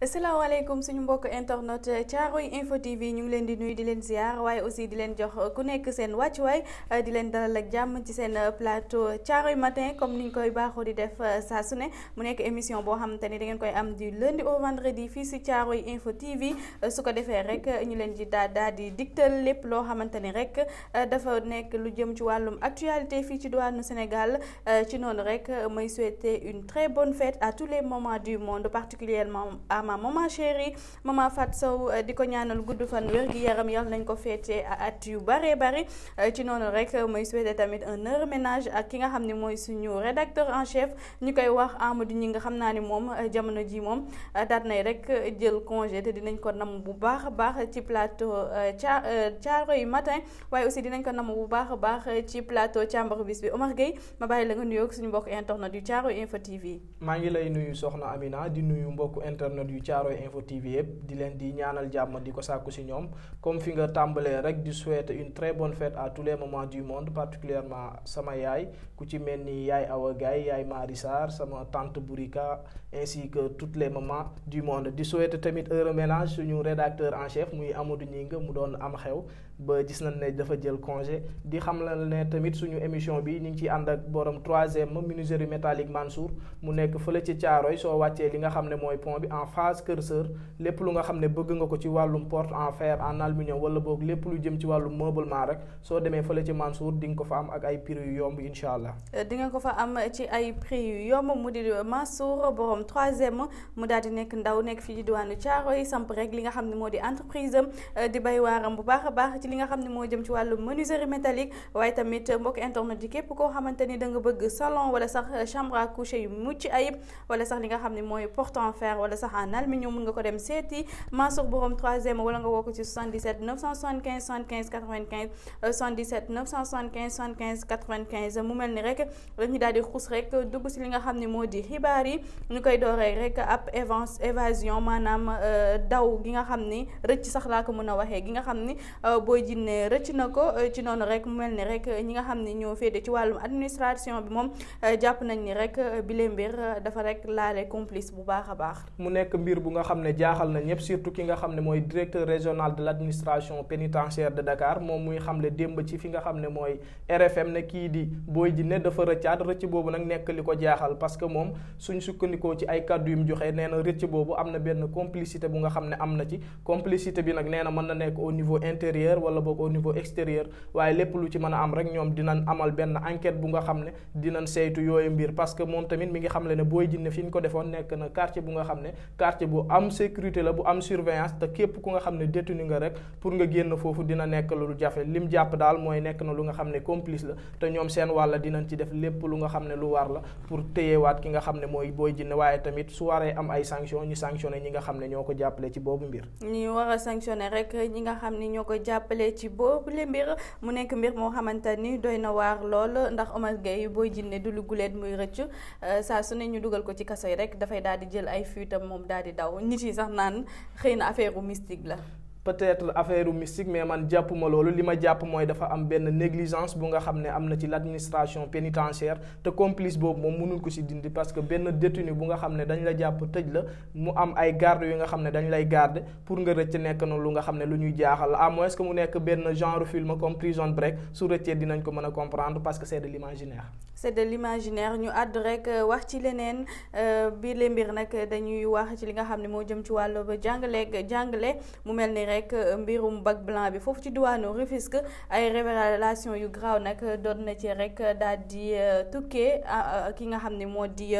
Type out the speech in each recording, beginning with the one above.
nous suñu mbokk internet info TV ñu ngi leen di sommes di leen ziar aussi di leen jox ku nekk seen di leen dalal ak ci seen plateau matin comme ni ñu koy def euh, saa mu nekk émission da lundi au vendredi fii si info TV euh, su ko rek ñu leen di di rek euh, dafa nekk lu jëm ci Sénégal une très bonne fête à tous les moments du monde particulièrement maman maman chérie maman Fat Sow euh, di ko ñaanal gudd fan wér gi yaram yàlla nañ ko féetee at yu bare bare euh, ci noonu rek euh, mooy souhaité tamit un ak ki nga xam ne mooy suñu rédacteur en chef ñu koy wax Amadou ñi nga xam naa ni moom jamono ji moom daat yi rek jël congé te dinañ ko namu bu baax a baax ci plateau ca caaro yu matin waaye aussi dinañ ko namu bu baax a baax ci plateau càmbaru bis bi Omar Gueye ma bàyyi la nga nuyoog suñu mbokk internet yu caaro info TV. maa ngi lay nuyu soxna Amina di nuyu yu Info TV yëpp di leen di ñaanal jàmm di ko sàkku si ñoom comme fi nga tàmbalee rek di souhaiter une très bonne fête à tous les moments du monde particulièrement sama yaay ku ci mel ni yaay Awa Gaye yaay Marie sama tante Bourika ainsi que toutes les moments du monde di souhaiter tamit heureux ménage suñu rédacteur en chef muy Amadou Ñing mu doon am xew ba gis nañ ne dafa jël congé di xam la ne tamit suñu émission bi ñu ngi ciy ànd ak borom troisième menuiserie métallique Mansour mu nekk fële ci caaro yi soo wàccee li nga xam ne mooy pont bi en face Kër Sër lépp lu nga xam ne bëgg nga ko ci wàllum porte en fer en aluminium wala boog lépp lu jëm ci wàllum meublement rek soo demee fële ci Mansour di nga ko fa am ak ay prix yu yomb incha allah. Euh, di nga ko fa am ci ay prix yu yomb mu di Mansour borom troisième daal di nekk ndaw nekk fii di diwaanu Caaroy samp rek li nga xam ne moo di entreprise euh, di bay waaram bu baax a baax Linga li nga xam ne moo jëm ci wàllu menuiserie métallique waaye tamit mbokk internet yi képp koo xamante ni da nga bëgg salon wala sax chambre à coucher yu mucc ayib wala sax li nga xam ne mooy porte en fer wala sax en aluminium mun nga ko dem seeti Mansour borom troisième wala nga woo ko ci 77 975 75 95 77 975 75 95 mu mel ni rek dañuy daal di xuus rek dugg si li nga xam ne moo di xibaar yi ñu koy dooree rek ab évance évasion maanaam euh, daw gi nga xam ni rëcc sax laa ko mën a waxee gi nga xam ni euh, booy jinne rëcc na ko euh, ci noonu rek mel ni rek euh, ñi nga xam ni ñoo féete ci wàllum administration bi moom euh, jàpp nañ ni rek bile mbir dafa rek laale complice bu baax a baax. mu nekk mbir bu nga xam ne jaaxal na ñëpp surtout ki nga xam ne mooy directeur régional de l' administration pénitentiaire de Dakar moom muy xamle démb ci fi nga xam ne mooy RFM ne kii di booy jinne dafa rëccaat rëcc boobu nag nekk li ko jaaxal parce que moom suñ sukkandikoo ci ay kàddu yu mu joxe nee na rëcc boobu am na benn complicité bu nga xam ne am na ci complicité bi nag nee na mën na nekk au niveau intérieur. wala boog au niveau extérieur waaye lépp lu ci mën a am rek ñoom dinañ amal benn enquête bu nga xam ne dinañ saytu yooyu mbir parce que moom tamit mi ngi xam le ne Boy Djiné fi ñu ko defoon nekk na nga xam ne quartier am sécurité la bu am surveillance te képp ku nga xam ne détenu nga rek pour nga génn foofu dina nekk lu jafe lim jàpp daal mooy nekk na lu nga xam ne complice la te ñoom seen wàlla dinañ ci def lépp lu nga xam ne lu war la pour téyewaat ki nga xam ne mooy booy Djiné waaye tamit su waree am ay sanction ñu sanctionné ñi nga xam ne ñoo ko jàppale ci boobu mbir ñi war a rek jàppale ci boobule mbir mu nekk mbir moo xamante ni doy na waar lool ndax Omar Gueye booy jinne du lu guleet muy rëcc euh, saa su ne ñu dugal ko ci kaso yi rek dafay daal di jël ay fiitam moom daal di daw nit yi sax naan xëy na affaire mystique la peut-être affaire mystique mais man jàpp ma loolu li ma jàpp dafa am ben négligence bu nga xamné amna ci l'administration pénitentiaire te complice bob mom mënul ko ci dindi parce que ben détenu bu nga xamné dañ la japp tëj la mu am ay garde yi nga xamné ne dañ lay garder pour nga recc nek na lu nga xamné ne lu ñuy jaaxal à moins que mu nek ben genre film comme Prison Break su recc dinañ ko mëna a comprendre parce que c'est de l'imaginaire c'est de l'imaginaire ñu àdd rek euh, wax ci leneen euh, biir le mbir nag dañuy wax ci li nga xamné mo jëm ci wàllu jàngaleeg jangalé mu mel rek euh, mbirum bag blanc bi foofu ci diwaanu Rufisque ay révélation yu graaw nag euh, doon na ci rek euh, daal di tukkee ki nga xam ne moo di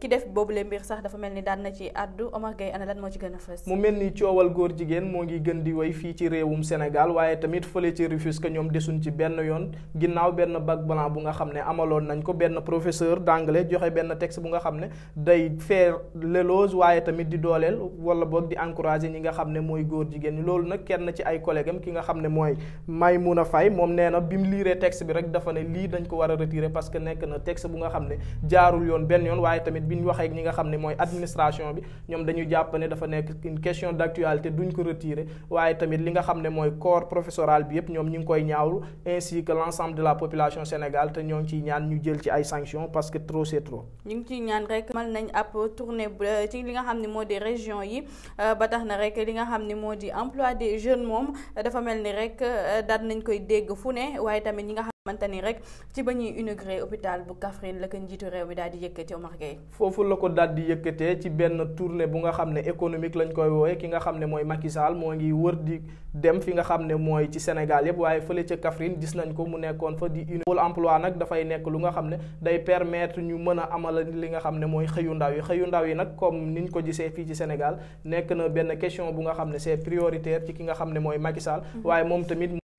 ki def boobule mbir sax dafa mel ni daan na ci àddu Omar Gueye ana moo ci gën a fës. mu mel ni coowal góor jigéen moo ngi gën di woy fii ci réewum Sénégal waaye tamit fële ci Rufisque ñoom desuñ ci benn yoon ginnaaw benn bag blanc bu nga xam ne amaloon nañ ko benn professeur d'anglais joxe benn texte bu nga xam ne day faire l'éloge waaye tamit di dooleel wala boog di encourager ñi nga xam ne mooy góor jigéen jigéen ñi loolu nag kenn ci ay collègue am ki nga xam ne mooy Maimouna Faye moom nee na bi mu liiree texte bi rek dafa ne lii dañ ko war a retirer parce que nekk na texte bu nga xam ne jaarul yoon benn yoon waaye tamit bi ñu waxee ak ñi nga xam ne mooy administration bi ñoom dañu jàpp ne dafa nekk une question d'actualité duñ ko retirer waaye tamit li nga xam ne mooy corps professoral bi yépp ñoom ñi ngi koy ñaawlu ainsi que l'ensemble de la population sénégalaise te ñoo ngi ciy ñaan ñu jël ci ay sanctions parce que trop c'est trop. ñu ngi ciy ñaan rek mal nañ ab tourné. ci li nga xam ne moo di région yi euh, ba tax na rek li nga xam ne moo di emploi des jeunes moom dafa mel ni rek euh, daal nañ koy dégg fu né waaye tamit ñi nga xamante ni rek ci ba ñuy inauguré hôpital bu Kaffrine la ko njiitu réew mi daal di yëkkatee Omar Gueye foofu la ko daal di yëkkatee ci benn tournée bu nga xam ne économique lañ koy wooye ki nga xam ne mooy Macky Sall moo ngi wër di dem fi nga xam ne mooy ci Sénégal yépp waaye fële ca Kaffrine gis nañ ko mu nekkoon fa di une emploi nag dafay nekk lu nga xam ne day permettre ñu mën a amal li nga xam ne mooy xëyu ndaw yi xëyu ndaw yi nag comme niñ ko gisee fii ci Sénégal nekk na benn question bu nga xam ne c'est prioritaire ci ki nga xam ne mooy Macky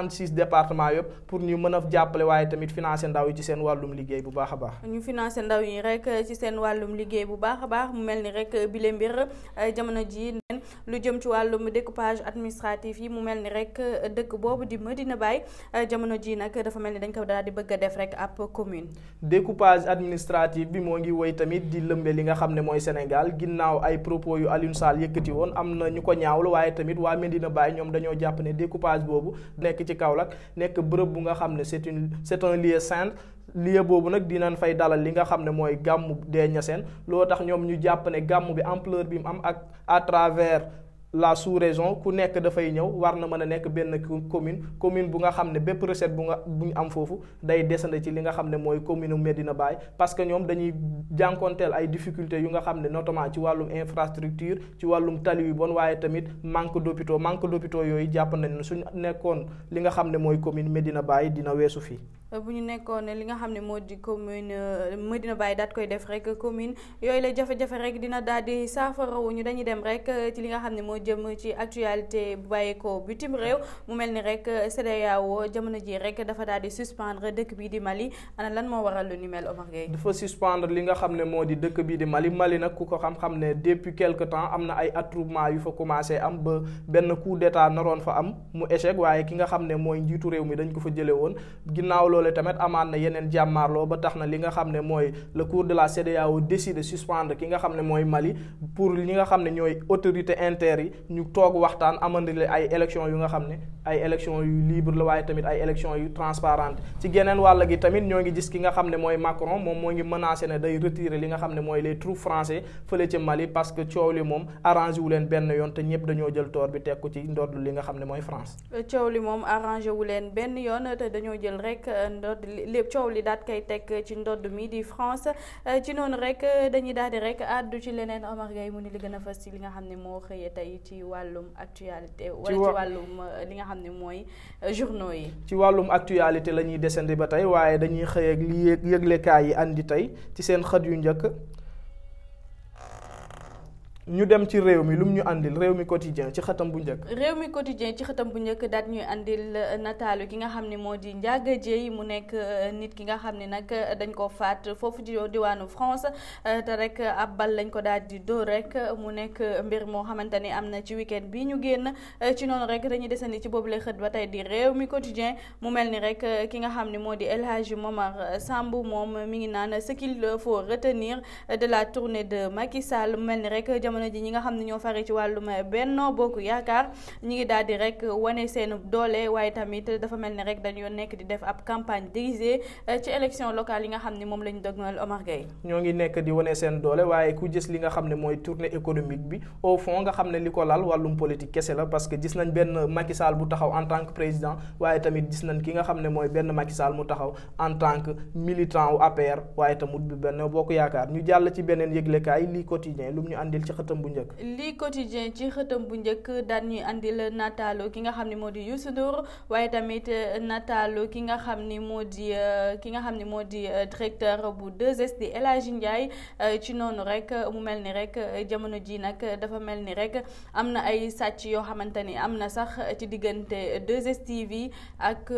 six département yëpp pour ñu mën a jàppale waaye tamit financer ndaw yi ci seen wàllum liggéey bu baax a baax ñu financer ndaw yi rek ci seen wàllum liggéey bu baax a baax mu mel ni rek bile mbir jamono ji neen lu jëm ci wàllum découpage administratif yi mu mel ni rek dëkk boobu di Medina Baye jamono ji nag dafa mel ni dañ ko daal di bëgg a def rek ab commune découpage administratif bi moo ngi woy tamit di lëmbe li nga xam ne mooy Sénégal ginnaaw ay propos yu Alioune Sall yëkkati woon am na ñu ko ñaawlu waaye tamit waa Medina Baye ñoom dañoo jàpp ne découpage boobu ci Kaolack nekk bërëb bu nga xam ne c'est une c'est un lieu boobu nag dinañ fay dalal li nga xam ne mooy gàmmu dee ñaseen loo tax ñoom ñu jàpp gàmmu bi ampleur bi mu am ak à travers la sous raison ku nekk dafay ñëw war na mën a nekk benn commune commune bu nga xam ne bépp recette bu nga bu ñu am foofu day descendre ci li nga xam ne mooy commune Medina Baye parce que ñoom dañuy jànkoonteel ay difficultés yu nga xam ne notamment ci wàllum infrastructure ci wàllum tali yu bon waaye tamit manque d'hôpitaux manque d'hôpitaux yooyu jàpp nañu ne suñ nekkoon li nga xam ne mooy commune Medina bàyyi dina weesu fii bu ñu nekkoon li nga xam ne moo di commune euh, Medina Baye daat koy def rek commune yooyu la jafe-jafe rek dina daal di saafarawu ñu dañuy dem rek euh, ci li nga xam ne moo jëm ci actualité bu bàyyeekoo bitim réew mu mel ni rek euh, CEDEAO jamono ji rek dafa daal di suspendre dëkk bii di Mali lan moo waral lu ni mel Omar Gueye. dafa suspendre li nga xam ne moo di dëkk bii di Mali Mali nag ku ko xam-xam ne depuis quelque temps am na ay attroupement yu fa commencé am ba benn coup d'état naroon fa am mu échec waaye ki nga xam ne mooy njiitu réew mi dañ ko fa jëlee woon ginnaaw loolee tamit amaat na yeneen jàmmaarloo ba tax na li nga xam ne mooy le cours de la CDAO décide suspendre ki nga xam ne mooy Mali pour li nga xam ne ñooy autorité inter yi ñu toog waxtaan amandile ay élection yu nga xam ne ay élection yu libre la waaye tamit ay élection yu transparente ci geneen wàll gi tamit ñoo ngi gis ki nga xam ne mooy Macron moom moo ngi menacé ne day retirer li nga xam ne mooy les troupes français fële ci Mali parce que coow Mom moom arrangé wu leen benn yoon te ñëpp dañoo jël tor bi teg ko ci ndodd li nga xam ne mooy France coow Mom moom arrangé wu leen benn yoon te dañoo jël rek ndodd lépp coow li daat kay teg ci ndodd mi di France euh, ci noonu rek euh, dañuy daal di rek àddu ci leneen Omar Gueye mu ni li gën a fas ci li nga xam ne moo xëyee tey ci wàllum actualité wala ci wàllum euh, li nga xam ne mooy journaux yi ci wàllum actualité la ñuy desandi ba tey waaye dañuy xëy ak li yëglekaay yi andi tey ci seen xët yu njëkk ñu dem ci réew mi lu ñu àndil réew mi quotidien ci xatam bu njëkk réew mi quotidien ci xatam bu njëkk daat ñuy àndil euh, nataalu ki nga xam ne moo di Ndiaga Dièye mu nekk euh, nit ki nga xam ne nag euh, dañ ko faat foofu di diwaanu France te rek ab bal lañ ko daal di dóor rek mu nekk mbir moo xamante ni am na ci week-end bi ñu génn ci noonu rek dañuy desandi ci boobule xët ba tey di réew mi quotidien mu mel ni rek ki nga xam ne moo di El Hadji Momar Samb moom mi ngi naan ce qu'il faut retenir de la tournée jamono ji ñi nga xam ñoo faré ci walum eh, Benno Bokk yaakar ñi ngi daal di rek wane seen doole waaye tamit dafa mel ni rek dañoo nekk di def ab campagne dirigée eh, ci élection locale yi nga xam ne moom la dëgmal Omar Gueye ñoo ngi nekk di wane seen doole waaye ku gis li nga xam ne mooy tournée économique bi au fond nga xam ne li ko laal wàllum politique kese la parce que gis nañ benn Macky Sall bu taxaw en tant que président waaye tamit gis nañ ki nga xam ne mooy benn Macky Sall mu taxaw en tant que militant wu APR waaye tamit bu benn bokk yaakaar ñu jàll ci beneen yëglekaay li quotidien lu mu ñu andil ci xëtam bu njëkk lii quotidien ci xëtam bu njëkk daan ñuy andil nataalu ki nga xam ne moo di Youssou Ndour waaye tamit eh, nataalu ki nga xam ni moo di eh, ki nga xam ni moo di eh, directeur bu 2S di El Hadji ci noonu rek mu mel ni rek jamono ji nag dafa mel ni rek am na ay sàcc yoo xamante ni am na sax ci diggante 2STV ak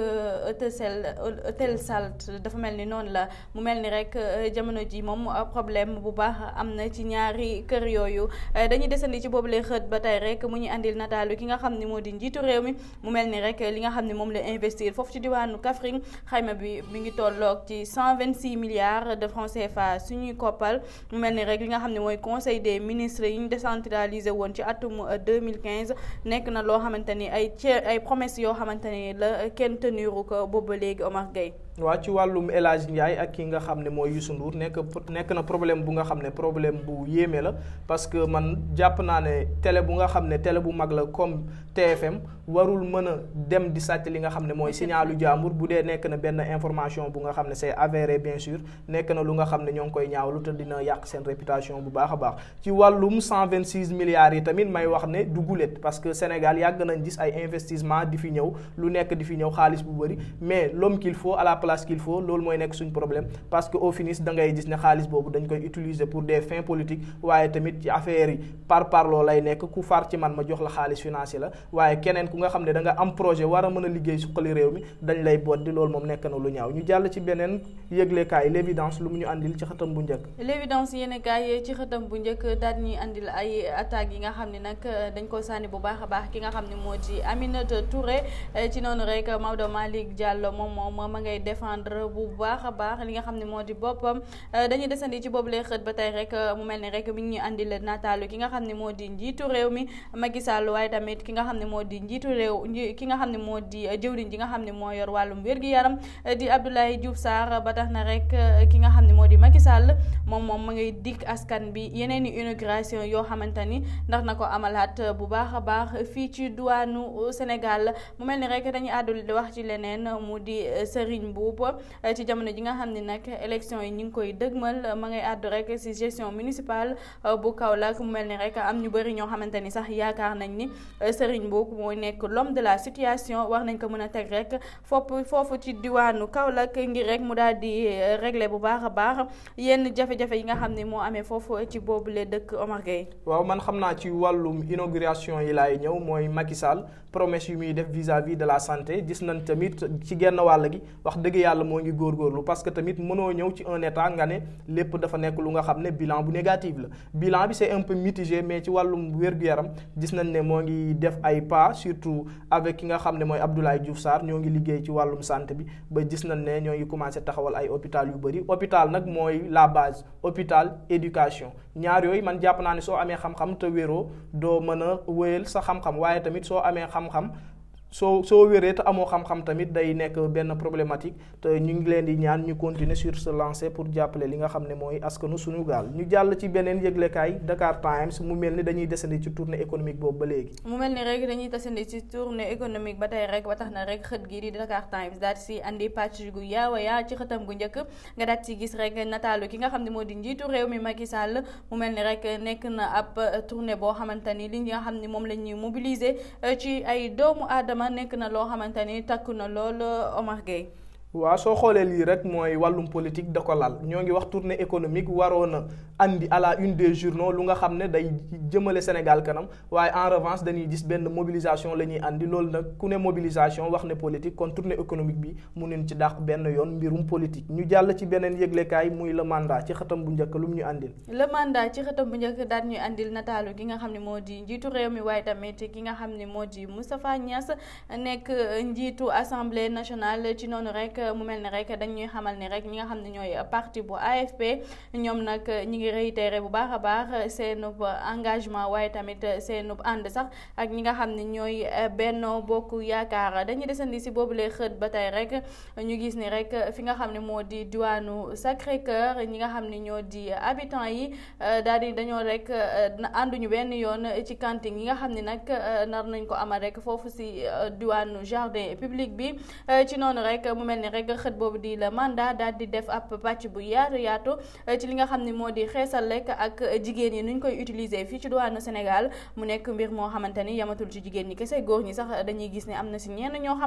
Etincelle Etincelle dafa mel ni noonu la mu mel ni rek jamono ji moom problème bu baax am na ci ñaari kër yooyu Euh, dañuy desandi ci bobu lay xët ba tey rek mu ñuy andil natalu ki nga xam ne moo di njiitu réew mi mu mel ni rek li nga xam ne moom la investir foofu ci diwaanu Kaffrine xayma bi mi ngi tolloog ci 126 milliards de francs CFA suñuy koppal mu mel ni rek li nga xam ne mooy conseil des ministres yi ñu décentralisé woon ci atum 2015 euh, nekk na loo xamante ni ay ay promesses yoo xamante ni la kenn teniru ko boobu ba léegi Omar Gueye waaw ci wàllum El Hadj ak kii nga xam ne mooy Youssou Ndour nekk nekk na problème bu nga xam ne problème bu yéeme la parce que man jàpp naa ne télé bu nga xam ne télé bu mag la comme TFM warul mën dem di sàcc li nga xam ne mooy signalu jàmbur bu dee nekk na benn information bu nga xam ne c'est avéré bien sûr nekk na lu nga xam ne ñoo ngi koy ñaawlu te dina yàq seen réputation bu baax a baax ci wàllum 126 milliards yi tamit may wax ne du parce que Sénégal yàgg nañ gis ay investissement di fi ñëw lu nekk di fi ñëw xaalis bu bëri mais l'homme qu'il faut à la place qu'il faut loolu mooy nekk suñ problème parce que au finish da ngay gis ne xaalis boobu dañ koy utiliser pour des fins politiques waaye tamit ci affaire yi par parloo lay nekk ku far ci man ma jox la xaalis financier la waaye keneen ku nga xam ne da nga am projet war a mën a liggéey suqali réew mi dañ lay boot di loolu moom nekk na lu ñaaw ñu jàll ci beneen yëglekaay l' lu mu ñu andil ci xëtam bu njëkk l' évidence yéen kaay ci xëtam bu njëkk daal ñuy andil ay yi nga xam ne nag euh, dañ ko sànni bu baax a baax ki nga xam ne moo di Aminata Touré euh, ci noonu rek Maodo Malick Diallo moom moom ma ngay défendre bu baax a baax li nga xam ne moo di boppam euh, dañuy desandi ci boobu lay xët ba tey rek mu mel ni rek mi ngi ñu andil nataalu ki nga xam ne moo di njiitu réew mi ma Sall waaye tamit ki nga xam ne moo di njiitu réew ki nga xam ne moo di uh, jëwriñ ji nga xam ne moo yor wàllum wér-gi-yaram uh, di Abdoulaye Diouf Sarr ba tax na rek uh, ki nga xam ne moo di Sall moom moom ma ngay dikk askan bi yeneen inauguration yoo xamante ni ndax na ko amalaat bu baax a baax fii ci duwaanu Sénégal mu mel ni rek dañuy àddul wax ci leneen mu di Serigne Mboup ci jamono ji nga xam ni nag élection yi ñu ngi koy dëgmal ma ngay àddu rek si gestion municipale bu kaw Kaolack mu mel ni rek am ñu bëri ñoo xamante ni sax yaakaar nañ ni Serigne Mboup mooy nekk l'homme de la situation war nañ ko mën a teg rek fopp foofu ci diwaanu Kaolack ngir yenn jafe-jafe yi nga xam ne moo amee foofu ci le dëkk Omar Gueye waaw man xam naa ci wàllum inauguration yi laay ñëw mooy Macky Sall promesse yu muy def vis-à-vis de la santé gis nañ tamit ci genn wàll gi wax dëgg yàlla moo ngi góorgóorlu parce que tamit mënoo ñëw ci un état nga ne lépp dafa nekk lu nga xam ne bilan bu négatif la bilan bi c'est un peu mitigé mais ci wàllum wér-gu-yaram gis nañ ne moo ngi def ay pas surtout avec ki nga xam ne mooy Abdoulaye Diouf sar ñoo ngi liggéey ci wàllum santé bi ba gis nañ ne ñoo ngi commencé taxawal ay hôpital yu bëri hôpital nag mooy la base hôpital éducation ñaar yooyu man jàpp naa ne soo amee xam-xam te wéroo doo mën a wéyal sa xam-xam waaye tamit soo amee xam xam-xam soo soo wéree te amoo xam-xam tamit day nekk benn problématique te ñu ngi leen di ñaan ñu continuer sur ce lancé pour jàppale li nga xam ne mooy askanu suñu gaal ñu jàll ci beneen yëglekaay Dakar Times mu mel ni dañuy desandi ci tournée économique boobu ba léegi. mu mel ni rek dañuy desandi ci tournée économique ba tey rek ba tax na rek xët gii di ki nga xam ne moo di njiitu réew mi Macky Sall mu mel ni rek nekk na ab tournée xamante ni li nga xam moom la ñuy mobiliser ci ay doomu aadama Ibrahima nekk na loo xamante ni takk na lool euh, Omar Gueye waaw soo xoolee lii rek mooy wàllum politique da ko lal ñoo ngi wax tournée économique waroon na andi à la une des journaux lu nga xam ne day jëmale Sénégal kanam waaye en revanche dañuy gis benn mobilisation la ñuy andi loolu nag ku ne mobilisation wax ne politique kon tournée économique bi mu neen ci dàq benn yoon mbirum politique ñu jàll ci beneen yëglekaay muy le mandat ci xatam bu njëkk lu mu ñu andil. le mandat ci xatam bu njëkk daan ñu andil nataalu gi nga xam ne moo di njiitu réew mi waaye tamit ki nga xam ne moo di Moustapha Niass nekk njiitu assemblée nationale ci noonu rek mu mel ne rek dañuy xamal ne rek ñi nga xam ne ñooy parti bu AFP réitéré bu baax a baax seenub engagement waaye tamit seenub ànd sax ak ñi nga xam ne ñooy euh, Benno Bokk Yaakaar dañuy desandi si boobulee xët ba tey rek ñu gis ni rek fi nga xam ne moo di diwaanu Sacré-Cœur ñi nga xam ne ñoo di habitants yi euh, daal di dañoo rek euh, ànduñu benn yoon ci cantine yi nga xam ni nag nar nañ ko amal rek foofu si diwaanu jardin public bi ci noonu rek mu mel ni rek xët boobu di la mandat daal di def ab pàcc bu yaatu yaatu ci li nga xam ne moo di xeesal lekk ak jigéen yi nuñ koy utiliser fi ci douane Sénégal mu nek mbir mo xamante yamatul ci jigéen ni kese góor ñi sax dañuy gis ni amna ci si ño ñoo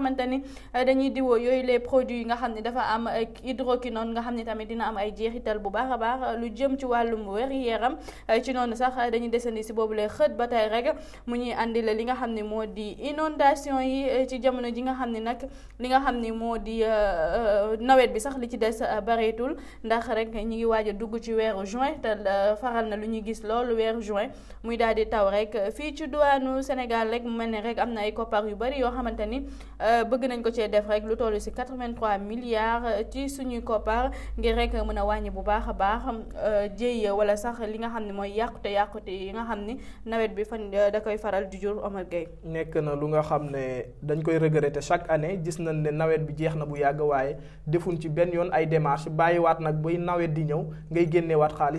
dañuy diwo yoy les produits yi nga xamni dafa am hydroquinone nga xamni tamit dina am ay jeexital bu baaxa baax lu jëm ci walum wér yaram ci noonu sax dañuy desandi ci bobu lay xët ba rek mu ñuy andi la li nga xamni modi inondation yi ci jamono ji nga xamni nak li nga xamni modi moo euh, euh, nawet bi sax li ci dess bareetul ndax rek ñi ngi waaj a dugg ci weeru juin tegtal euh, faral na lu ñu gis loolu weeru juin muy daal di taw rek euh, fii ci duwaanu Sénégal rek mu mel ni rek am na ay koppaar yu bëri yoo xamante ni euh, bëgg nañ ko cee def rek lu toll si 83 milliards ci suñuy koppar ngir rek mën a wàññi bu baax a baax jéy wala sax li nga xam ne mooy yàqute yàqute yi nga xam ni nawet bi fan da koy faral di jur Omar Gueye nekk na lu nga xam ne dañ koy regretter chaque année gis nañ ne nawet bi jeex na bu yàgg waaye defuñ ci benn yoon ay démarche bàyyiwaat nag bay nawet di ñëw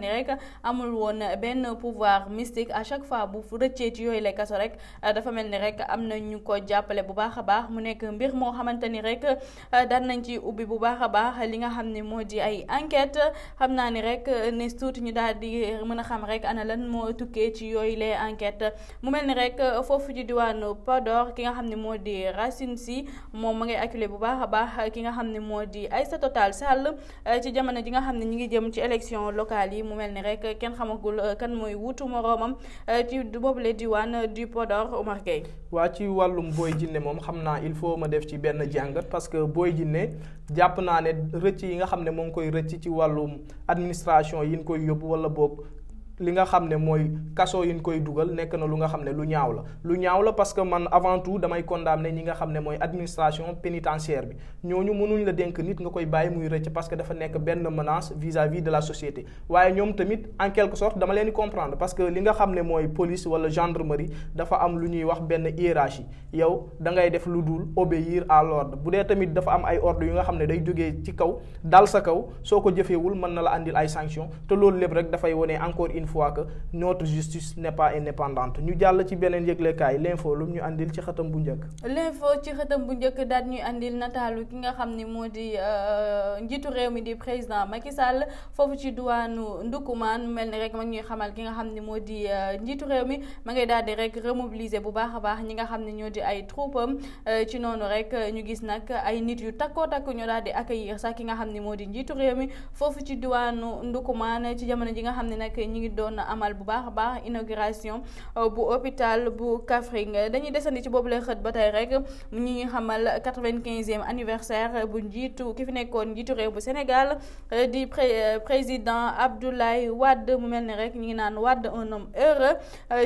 ni rek amul woon benn pouvoir mystique à chaque fois bu rëccee ci yooyu lay kaso rek dafa mel ni rek am na ñu ko jàppale bu baax a baax mu nekk mbir moo xamante ni rek dan nañ ci ubbi bu baax a baax li nga xam ne moo di ay enquête xam naa ni rek ne tuuti ñu daal di mën a xam rek ana lan moo tukkee ci yooyu les enquêtes mu mel ni rek foofu ci diwaanu Podor ki nga xam ne moo di Racine Sy moom ma ngay acculé bu baax a baax ki nga xam ne moo di Aïssata Tall Sall ci jamono ji nga xam ne ñu ngi jëm ci élection locale yi mu mel ni rek kenn xamagul euh, kan mooy wutu moroomam euh, ci boobule diwaan euh, du Podor Omar Gueye waa ci wàllum Boy jinne moom xam naa il faut ma def ci benn jàngat parce que Boy Djiné jàpp naa ne rëcc yi nga xam ne moo ngi koy rëcc ci wàllum administration yi ñu koy yóbbu wala boog li nga xam ne mooy kaso yi ñu koy dugal nekk na lu nga xam ne lu ñaaw la lu ñaaw la parce que man avant tout damay condamner ñi nga xam ne mooy administration pénitentiaire bi ñooñu mënuñ la denk nit nga koy bàyyi muy rëcc parce que dafa nekk benn menace vis-à-vis de la société waaye ñoom tamit en quelque sorte dama leen di comprendre parce que li nga xam ne mooy police wala gendarmerie dafa am lu ñuy wax benn hiérarchie yow da ngay def lu dul obéir à l'ordre bu dee tamit dafa am ay ordre yu nga xam ne day jógee ci kaw dal sa kaw soo ko jëfeewul mën na la andil ay sanctions te loolu lépp rek dafay wone encore une fois que notre justice n'est pas indépendante ñu jàll ci benen beneen kay l'info lu ñu andil ci xatam bu njëkk. l'info ci xatam bu njëkk daal ñu andil nataalu ki nga xamni modi moo di euh, réew mi di président Macky Sall fofu ci douane Ndukumaan melni rek mag ñuy xamal ki nga xamni modi moo di euh, njiitu réew mi ma ngay daal di rek remobiliser bu baaxa baax ñi nga xamni ñoo di ay troupam euh, ci nonu rek ñu gis nak ay nit yu takko takku ñoo daal di accueillir sax ki nga xamni modi moo di njiitu réew mi foofu ci douane Ndukumaan ci jamono ji nga xamni nak ñi ngi doon amal bu baax a baax inauguration euh, bu hôpital bu kafring dañuy desandi ci boobu la xët ba tey rek ñu ngi xamal 95e anniversaire bu njiitu ki fi nekkoon njiitu réew bu Sénégal euh, di euh, président Abdoulaye Wade mu mel ni rek ñu ngi naan Wade un homme heureux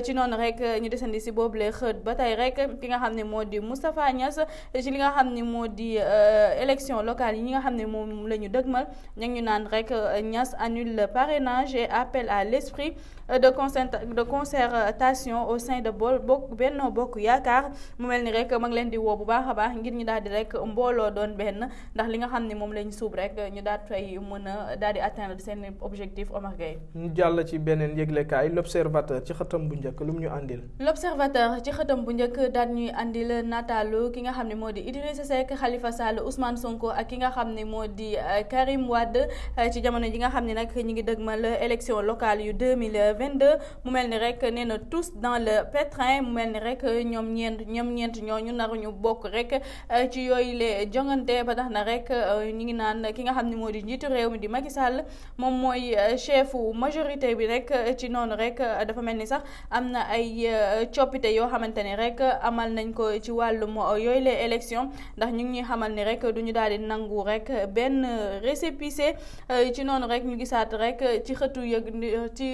ci noonu rek ñu desandi si boobu la xët ba tey rek ki nga xam ne moo di Moustapha Niass ci li nga xam ne moo di élection locale yi ñi nga xam ne moom la ñu dëgmal ñu ngi ñu naan rek Niass annule le parrainage et appel à l'esprit esprit euh, de de concertation au sein de bokk Benno Bokk Yaakaar mu melni rek ma ngi leen di wo bu baakha a baax ngir ñu daldi rek mbolo doon ben ndax li nga xamni mom lañ soub rek ñu dal tay mëna daldi atteindre sen objectif Omar Gueye ñu jall ci benen beneen kay l'observateur ci xëtam bu ñëk lu ñu andil l'observateur ci xëtam bu ñëk dal ñuy andil Natalo ki nga xamni modi Idrissa Seck Khalifa Sall Ousmane Sonko ak ki nga xamni modi euh, Karim Wade euh, ci jamono ji nga xamni nak ñi ngi deugmal élection locale yu 2022 mille vingt rek nee tous dans le pétrin mu rek ñom rek ñom ñent ñoo ñu naru ñu bokk rek euh, ci yoy le jongante ba tax na rek euh, ñi ngi naan ki nga xamni modi moo di mi di Macky Sall mom moy euh, chefu majorité bi rek ci non rek dafa melni sax amna ay coppite yo xamantene rek amal nañ ko ci walu yoy le élection ndax ñu ngi xamal ni rek duñu ñu daal nangu rek ben récépissé ci non rek ñu gisaat rek ci xëtu yëg ci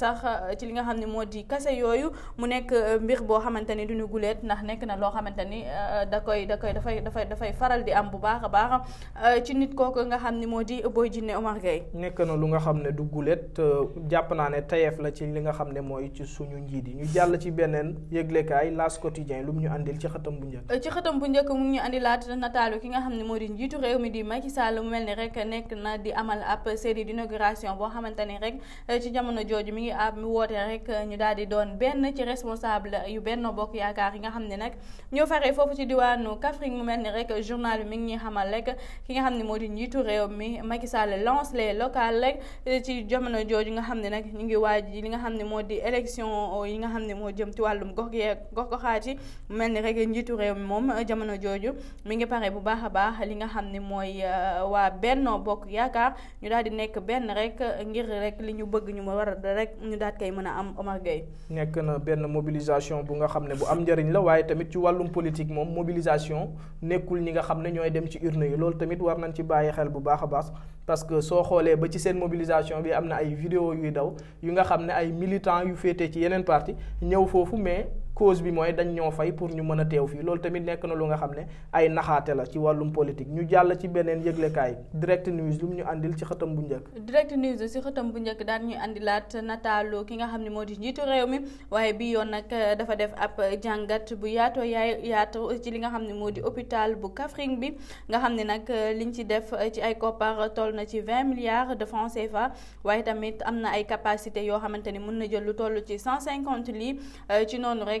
sax euh, ci li nga xamni modi kasse yoyu mu nek euh, mbir bo xamanteni duñu gulet ndax nek na lo xamanteni euh, da koy da koy fay da fay faral di am bu baaxa a baax ci nit koku nga xamni modi Boy jinne Omar gay nek na lu nga xamne du gulet japp na ne tayef la ci li nga xamne moy ci suñu njiit ñu jall ci yegle kay L'As Quotidien lu ñu andil ci xatam bu ñeek ci xatam bu ñeek mu ngi ñu andilaat natalu ki nga xamni modi njitu rew mi di Macky Sall mu melni rek nek na di amal ab série d'inauguration bo xamanteni rek ci jamono joju mi ngi muy ab mu woote rek euh, ñu daal di doon benn ci responsable yu benn bokk yaakaar yi nga xam ne nag ñoo faree foofu ci diwaanu Kaffrine mu mel ni rek journal bi mi ngi ñuy xamal rek ki nga xam ne moo di njiitu réew mi Macky Sall lance les locales rek ci jamono jooju nga xam ne nag ñu ngi waaj li nga xam ne moo di élection yi nga xam ne moo jëm ci wàllum gox gi gox goxaat yi mu mel ni rek njiitu réew mi moom jamono jooju mi ngi pare bu baax a baax li nga xam ni mooy euh, waa Benno Bokk Yaakaar ñu daal di nekk benn rek ngir rek li ñu bëgg ñu war a rek ñu daat koy mën a am Omar Gueye nekk na benn mobilisation bu nga xam ne bu am njëriñ la waaye tamit ci wàllum politique moom mobilisation nekkul ñi nga xam ne ñooy dem ci urne yi loolu tamit war nañ ci bàyyi xel bu baax a baax parce que soo xoolee ba ci seen mobilisation bi am na ay vidéo yuy daw yu nga xam ne ay militants yu féetee ci yeneen parti ñëw foofu mais cause bi mooy dañ ñoo fay pour ñu mën a teew fii loolu tamit nekk na lu nga xam ne ay naxaate la ci wàllum politique ñu jàll ci beneen yëglekaay direct news lu mu ñu andil ci xëtam bu njëkk. direct news ci xëtam bu njëkk daan ñuy andilaat nataalu ki nga xam ne moo di njiitu réew mi waaye bii yoon nag eh, dafa def ab jàngat bu yaatoo yaay yaatu ci li nga xam ne moo di hôpital bu Kaffrine bi nga xam ne nag eh, li ñu ci def eh, ci ay koppar toll na ci vingt milliards de francs fa waaye tamit am na ay capacité yoo xamante ni mën na jël lu toll ci cent cinquante lits ci noonu rek.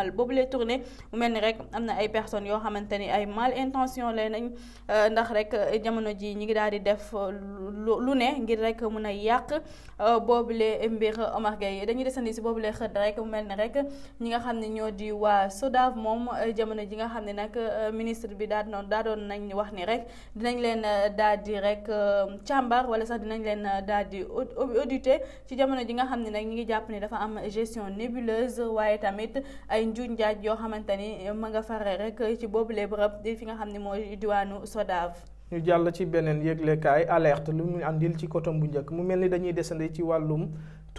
amal boobu lay tournée mu mel rek amna ay personnes yo xamante ay mal intention lay nañ euh, ndax rek euh, jamono ji ñi ngi daal di def euh, lu ne ngir rek mun a yàq boobule mbir Omar Gueye dañuy desandi si boobule xët rek mu mel ni rek ñi nga xam ne ñoo di waa SODAV moom jamono ji nga xam ne nag ministre bi daal doon daa doon nañ wax ni rek dinañ leen daal di rek càmbar wala sax dinañ leen daal di audité ci jamono ji nga xam ne nag ñi ngi jàpp ni dafa am gestion nébuleuse waaye tamit ay njuuj njaaj yoo xamante ni eh, ma nga fare rek ci boobu lee bërëb di fi nga xam ne mooy diwaanu Sodav ñu jàll ci beneen yëglekaay alerte lu ñu àndil ci coton bu njëkk mu mel ni dañuy desandi ci wàllum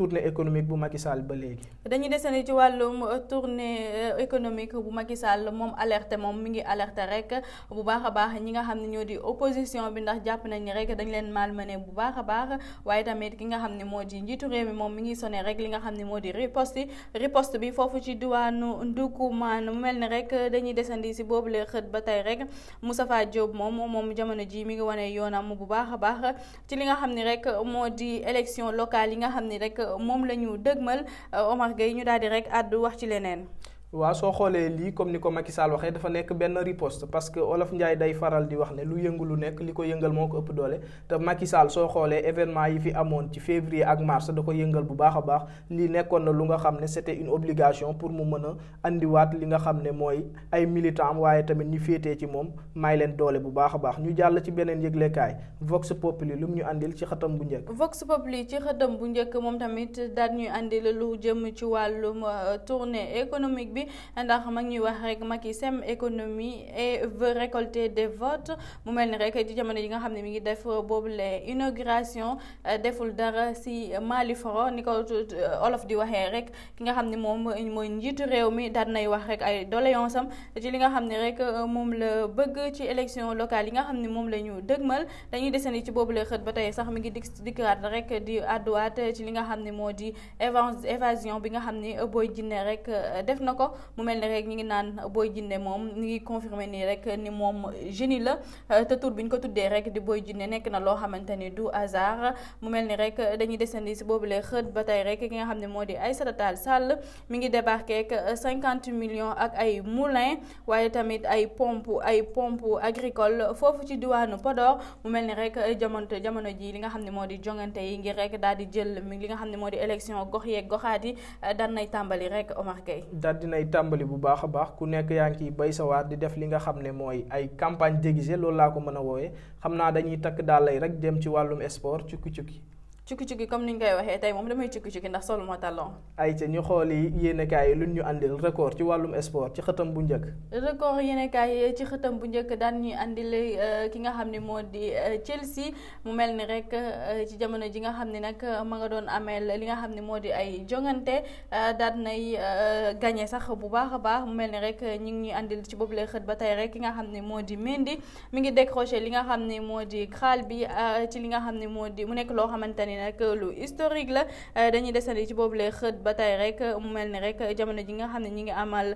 tournée économique bu Macky Sall ba léegi. dañuy desandi ci wàllum euh, tournée euh, économique bu Macky Sall moom alerte moom mi ngi alerte rek bu baax a baax ñi nga xam ne ñoo di opposition bi ndax jàpp nañ ni rek dañ leen malmené bu baax a baax waaye tamit ki nga xam ne moo di njiitu réew mi moom mi ngi sonné rek li nga xam ne moo di riposte bi foofu ci diwaanu Ndoukoumane mu mel ni rek dañuy desandi si boobu la xët ba tey rek Moustapha Diop moom moom jamono ji mi ngi wane yoonam bu baax a baax ci li nga xam ne rek moo di élection locale yi nga xam ne rek. moom la ñu dëgmal Omar yi ñu daal di rek àddu wax ci leneen. waaw soo xoolee lii comme ni ko Macky Sall waxee dafa nekk benn riposte parce que Olof Ndiaye day faral di wax ne lu yëngu lu nekk li ko yëngal moo ko ëpp doole te Macky soo xoolee événement yi fi amoon ci février ak mars da ko yëngal bu baax a baax lii nekkoon na lu nga xam ne c'était une obligation pour mu mën a andiwaat li nga xam ne mooy ay militants waaye tamit ñu féetee ci moom may leen doole bu baax a baax ñu jàll ci beneen yëglekaay Vox Populi lu mu ñu andil ci xëtam bu njëkk. Vox Populi ci xëtam bu njëkk moom tamit daal ñuy andil lu jëm ci wàllum euh, tournée économique bi bi ndax mag ñuy wax rek Macky sem économie et veut récolter des votes mu melni rek ci jamono yi nga xam mi ngi def inauguration euh, deful dara si Mali foro ni ko euh, olof di waxee rek ki nga xam ne moom mooy njiitu mi daal nay wax rek ay ci li nga rek euh, bëgg ci élection locale mu mel ni rek ñu ngi naan Boy Djiné moom ñu ngi confirmé nii rek ni moom génie la euh, te tour bi ñu ko tuddee rek di Boy Djiné nekk na loo xamante ni du hasard mu mel ni rek dañuy desandi si boobu lee xët ba tey rek ki nga xam ne moo di Aïssata Tall Sall mi ngi débarqué ak 50 millions ak ay moulin waaye tamit ay pompe ay pompe agricole foofu ci diwaanu Podor mu mel ni rek jamono jamono ji li nga xam ne moo di jongante yi ngir rek daal di jël li nga xam ne moo di élection gox yeeg goxaat yi daan nay tàmbali rek Omar Gueye nay tàmbali bu baax a baax ku nekk yaa ngi bay sawaar di def li nga xam ne mooy ay campagne déguisée loolu laa ko mën a woowee xam naa dañuy takk daal lay rek dem ci wàllum sport cukki-cukki cukki-cukki comme ni ñu koy waxee tey moom damay cukki-cukki ndax sol moo talon ayca ñu xool yi yéenekaay yi luñ ñu àndil record ci wàllum sport ci xëtam bu njëkk record yéenekaay yi ci xëtam bu njëkk daan ñuy àndil euh, ki nga xam ne moo di euh, Chelsea mu mel ni rek euh, ci jamono ji nga xam ne nag ma nga doon ameel li nga xam ne moo di ay jongante daan nay gagné sax bu baax a baax mu mel ni rek ñu ngi ñuy àndil ci boobu lay xët ba tey rek ki nga xam ne moo di Mendy mi ngi décroché li nga xam ne moo di xaal bi ci li nga xam ne moo di mu nekk loo xamante ni nag lu historique la eh, dañuy desandi ci boobu lay xët ba tey rek mu mel ni rek jamono ji nga xam ne ñu ngi amal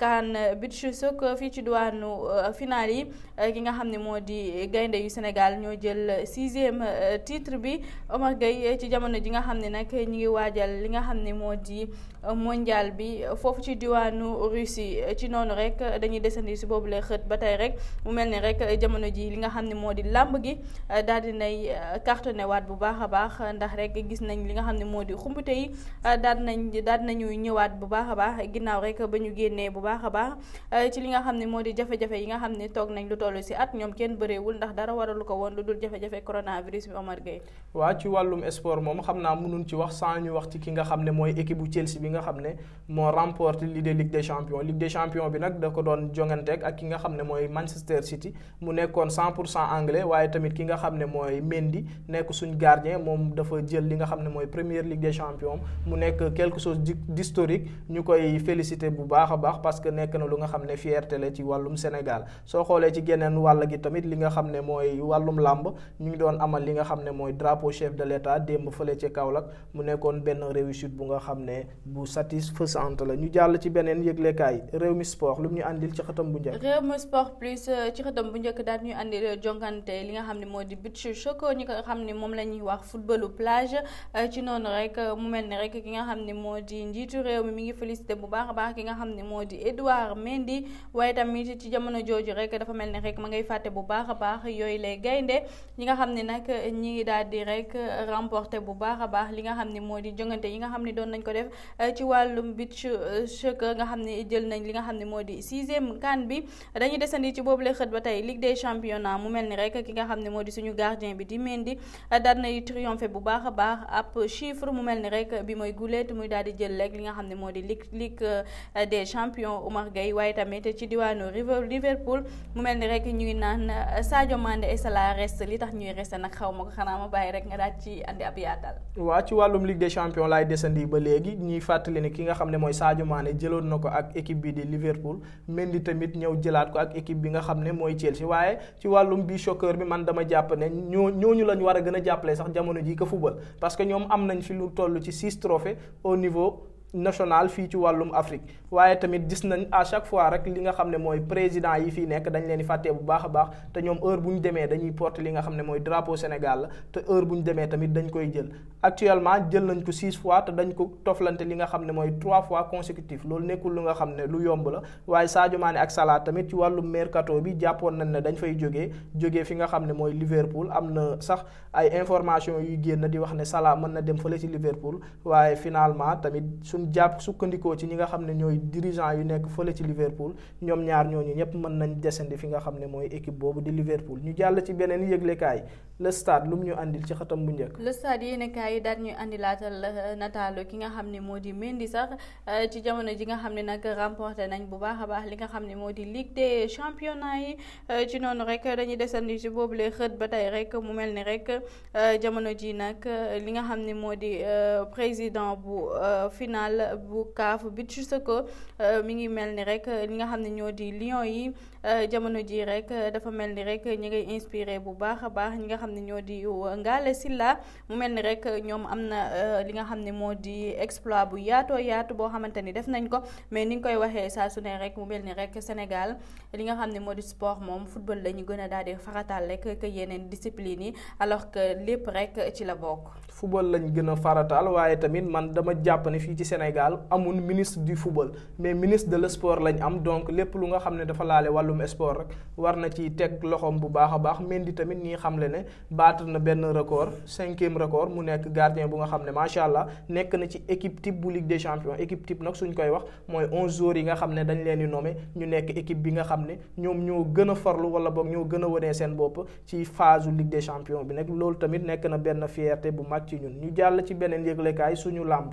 kan beach soccer fii ci duwaanu eh, final yi eh, ki nga xam ne moo di gaynde yu Sénégal ñoo jël sixième titre bi Omar Gueye ci jamono ji nga xam ne nag ñi ngi waajal li nga xam ne moo di mondial bi foofu ci diwaanu Russie ci noonu rek dañuy desandi si boobu lay xët ba tey rek mu mel ni rek jamono ji li nga xam ne moo di làmb gi daal di nay eh, cartonné waat bu baax a baax ndax rek gis nañ li nga xam ne moo di xumbute yi eh, daal nañ daal nañu ñëwaat bu baax a baax ginnaaw rek ba ñu génnee bu baax a baax eh, ci li nga xam ne moo di jafe-jafe yi nga xam ne toog nañ lu toll si at ñoom kenn barewul ndax dara waralu ko woon lu dul jafe-jafe coronavirus bi Omar Gueye. waaw ci wàllum sport moom xam naa mënuñ ci wax sans ñu wax ki nga xam ne mooy bu Chelsea bi nga xam ne moo remporte lidée Ligue des Champions Ligue des Champions bi nag da ko doon jonganteeg ak ki nga xam ne mooy Manchester City mu nekkoon 100 pour cent anglais waaye tamit ki nga xam ne mooy Mendy nekk suñ gardien moom dafa jël li nga xam ne mooy première Ligue des Champions mu nekk quelque chose d'historique ñu koy féliciter bu baax a baax parce que nekk na lu nga xam ne fierté la ci wàllum Sénégal soo xoolee ci geneen wàll gi tamit li nga xam ne mooy wàllum làmb ñu ngi doon amal li nga xam ne mooy drapeau chef de l'État démb fële ci Kaolack mu nekkoon benn réussite bu nga xam ne bu bu satisfaisante la ñu jàll ci beneen yëglekaay réew mi sport lu mu ñu àndil ci xëtam bu njëkk. réew mi sport plus euh, ci xëtam bu njëkk daal ñu àndil euh, jongante li nga xam euh, ni rek ki nga xam ne moo di njiitu réew mi mi ngi félicité bu baax a baax ki nga xam ne moo di Edouard Mendy waaye tamit ci jamono jooju rek dafa mel ni rek ma ngay fàtte bu baax a baax yooyu lay gaynde ñi nga xam ne nag ñi ngi rek remporté bu baax a baax li nga xam ne moo di jongante yi nga xam ne doon ci walum bit beach euh, soccer nga xamni ne jël nañ li nga xamni modi 6e kan bi dañuy desandi ci bobu le xet ba tay Ligue des championnats mu melni rek ki nga xamni modi suñu gardien bi di Mendy euh, daal nay triompher bu baax baax ab chiffre mu melni rek bi moy guleet muy dal di jël lek li nga xamni modi Ligue Ligue euh, des champions Oumar gay waye tamit ci diwanu river Liverpool mu melni rek ñu ngi naan Sadio Mané et Salah reste li tax ñuy reste nak xaw ko xana ma bàyyi rek nga dal ci andi ab yaatal. wa ci walum Ligue des champions lay desandi ba léegi ñi fàtt fàttali ni ki nga xam ne mooy Sadio Mané jëloon na ko ak équipe bi di Liverpool Mendy tamit ñëw jëlaat ko ak équipe bi nga xam ne mooy Chelsea waaye ci wàllum bi choqueur bi man dama jàpp ne ñoo ñooñu lañu war a gën a jàppale sax jamono ji ko football parce que ñoom am nañ fi lu toll ci six trophées au niveau national fii ci wàllum Afrique waaye tamit dis nañ à chaque fois rek li nga xam ne mooy président yi fi nekk dañ leen di fàttee bu baax a baax te ñoom heure bu ñu demee dañuy porter li nga xam ne mooy drapeau Sénégal la te heure bu ñu demee tamit dañ koy jël actuellement jël nañ ko six fois te dañ ko toflante li nga xam ne mooy trois fois consécutif loolu nekkul lu nga xam ne lu yomb la waaye Sadio Mané ak Salah tamit ci wàllum mercato bi jàppoon nañ ne dañ fay jógee jógee fi nga xam ne mooy Liverpool am na sax ay information yu génn di wax ne Salah mën na dem fële ci Liverpool waaye finalement tamit buñ jàpp sukkandikoo ci ñi nga xam ne ñooy dirigeant yu nekk fële ci Liverpool ñoom ñaar ñooñu ñëpp mën nañ descendi fi nga xam ne mooy équipe boobu di Liverpool ñu jàll ci beneen yëglekaay le stade lu mu ñu andil ci xatam bu njëkk. le stade yéenekaay yi daal ñuy euh, ki nga xam ne moo di Mendy sax euh, ci jamono ji nga xam ne nag remporté nañ bu baax a baax li nga xam ne moo di Ligue des championnats yi euh, ci noonu rek dañuy descendi ci boobu lay xët ba tey rek mu mel ni rek jamono ji li nga xam ne moo di président bu final. mel eh, bu kaf bi juste que eh, mi ngi mel ni rek eh, li nga xam ñoo di lion yi jamono ji rek dafa mel ni rek ñi ngay inspirer bu baaxa baax ñi nga xam ñoo di Ngale Silla mu mel ni rek ñom amna li nga di exploit bu yaatoo yaatu bo xamanteni def nañ ko mais ni ngi koy waxe saa su ne rek mu mel ni rek senegal li nga sport mom football lañu gëna daal di faratal rek ke yenen discipline yi alors que lepp rek ci la bok football lañ gën a farataal waaye tamit man dama jàpp ne fii ci Sénégal amul ministre du football mais ministre de le sport lañ am donc lépp lu nga xam ne dafa laale wàllum sport rek war na ci teg loxoom bu baax a baax Mendy tamit nii xam le ne battre na benn record cinquième record mu nekk gardien bu nga xam ne macha allah nekk na ci équipe type bu Ligue des champions équipe type nag suñ koy wax mooy onze joueurs yi nga xam ne dañ leen di noome ñu nekk équipe bi nga xam ne ñoom ñoo gën a farlu wala boog ñoo gën a wonee seen bopp ci phase Ligue des bi nag loolu tamit nekk na benn fierté bu mag ci ñu jàll ci beneen yëglekaay suñu làmb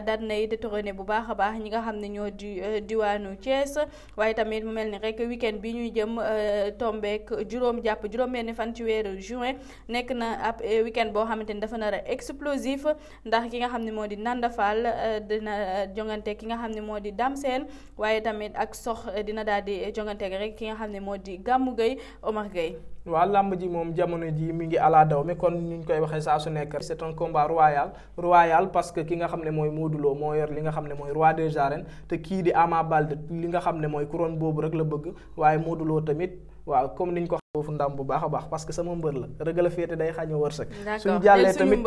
daal nay détourné bu baax a baax ñi nga xam ne ñoo di euh, diwaanu Thiès waaye tamit mu mel ni rek week-end bi ñuy jëm euh, tombeek juróom jàpp juróom ni fan ci weeru juin nekk na ab euh, week boo xamante ni dafa nar a explosif ndax ki nga xam ne moo di Nanda Fall dina jongante ki nga xam ne moo di Dame Sène waaye tamit ak sox dina daal di jongante rek ki nga xam ne moo di gàmmu Gueye Omar Gueye waaw làmb ji moom jamono ji mi ngi ala daw mi kon ñu koy waxee saa su nekk c'est un combat royal royal parce que ki nga xam ne mooy Modou Lo moo yor li nga xam ne mooy roi des arènes te kii di Ama Baldé li nga xam ne mooy couronne boobu rek la bëgg waaye Modou Lo tamit waaw comme niñ ko foofu ndam bu baax a baax parce que sama mbër la rëgg la féete day xañu wërsëg suñu jàllee tamit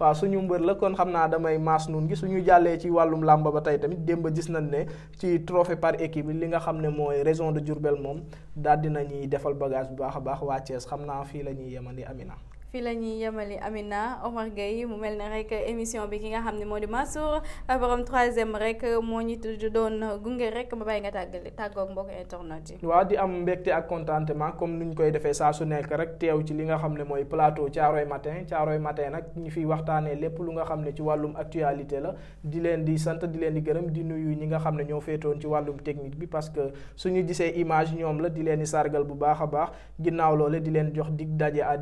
waaw suñu mbër la kon xam naa damay maas nun gi suñu jàllee ci wàllum làmba ba tey tamit démb gis nañ ne ci trophée par équipe li nga xam ne mooy région de Diourbel moom daal dinañuy defal bagage bu baax a baax waa Thiès xam naa fii la ñuy yemandi Amina fii la ñuy yemali Amina Omar Gueye mu mel ne rek émission bi ki nga xam ne moo di Mansour borom troisième rek moo ñu tudd doon gunge rek ma bàyyi nga tàggal tàggoog mbokk internet yi. waaw di am mbégte ak contentement comme ñu koy defee saa su nekk rek teew ci li nga xam ne mooy plateau Caaroy matin Caaroy matin nag ñi fiy waxtaanee lépp lu nga xam ne ci wàllum actualité la di leen di sant di leen di gërëm di nuyu ñi nga xam ne ñoo féetoon ci wàllum technique bi parce que suñu gisee image ñoom la di leen di sargal bu baax baax ginnaaw loole di leen jox dig daje à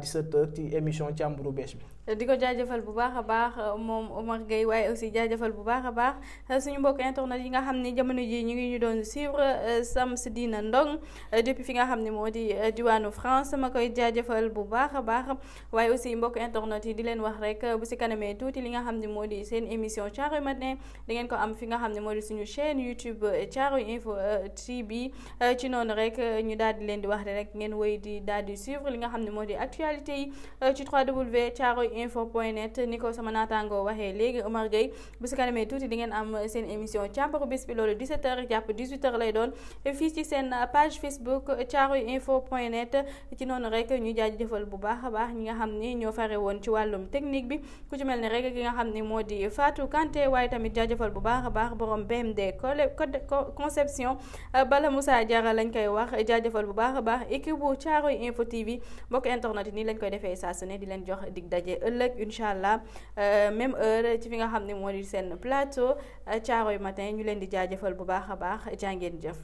émission càmburu bees bi di ko jaajëfal bu baax a baax euh, moom Omar gay waaye aussi jaajëfal bu baax a baax euh, suñu mbokk internet yi nga xam ne jamono ji ñu ngi ñu doon suivre sam euh, Samsidina Ndong depuis fi nga xam ne moo di diwaanu France ma koy jaajëfal bu baax a baax waaye aussi mbokk internet yi di leen wax rek bu si kanamee tuuti li nga xam ne moo di seen émission Thiaroye Matin da ngeen ko am fi nga xam ne moo di suñu chaîne YouTube Thiaroye Info TV ci noonu rek ñu daal di leen di wax rek ngeen woy di daal di suivre li nga xam ne moo di actualité yi ci 3W Thiaroye info.net niko sama natango waxe léegi Omar Gueye bu si kanamee di ngeen am sen émission càmparu bis bi loolu 17h japp 18h lay doon fi ci sen page Facebook Thiaroye info ci noonu rek ñu jaajëfal bu baaxa baax ñi nga xam ni ñoo fare woon ci walum technique bi ku ci melni rek gi nga xam modi Fatou Kanté way tamit jaajëfal bu baaxa baax borom BMD conception bala Moussa Diarra lañ koy wax jaajëfal bu baaxa baax équipe bu info TV mbokk internet ni lañ koy défé sa sene di len jox dig dajé ëllëg incha allah euh, même heure ci fi nga xam ne moo di seen plateau euh, Caaroy matin ñu leen di jaajëfal bu baax a baax jaa ngeen jëf.